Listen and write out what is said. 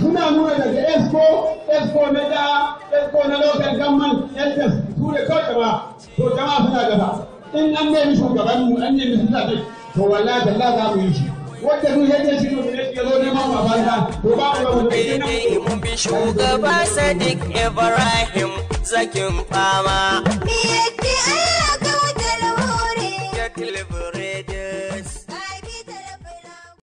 muna nuna daga esko esko na da esko na local government ss su da kawai ba to jama'a suna gaba in an nemi gaban mu an nemi suna dai to wallahi talla za mu yi shi wanda duk yadda shi ne ne ya zo neman ba banza to ba mu ba shugaba sadiq ibrahim zakin fama me yake Allah ga wutar hore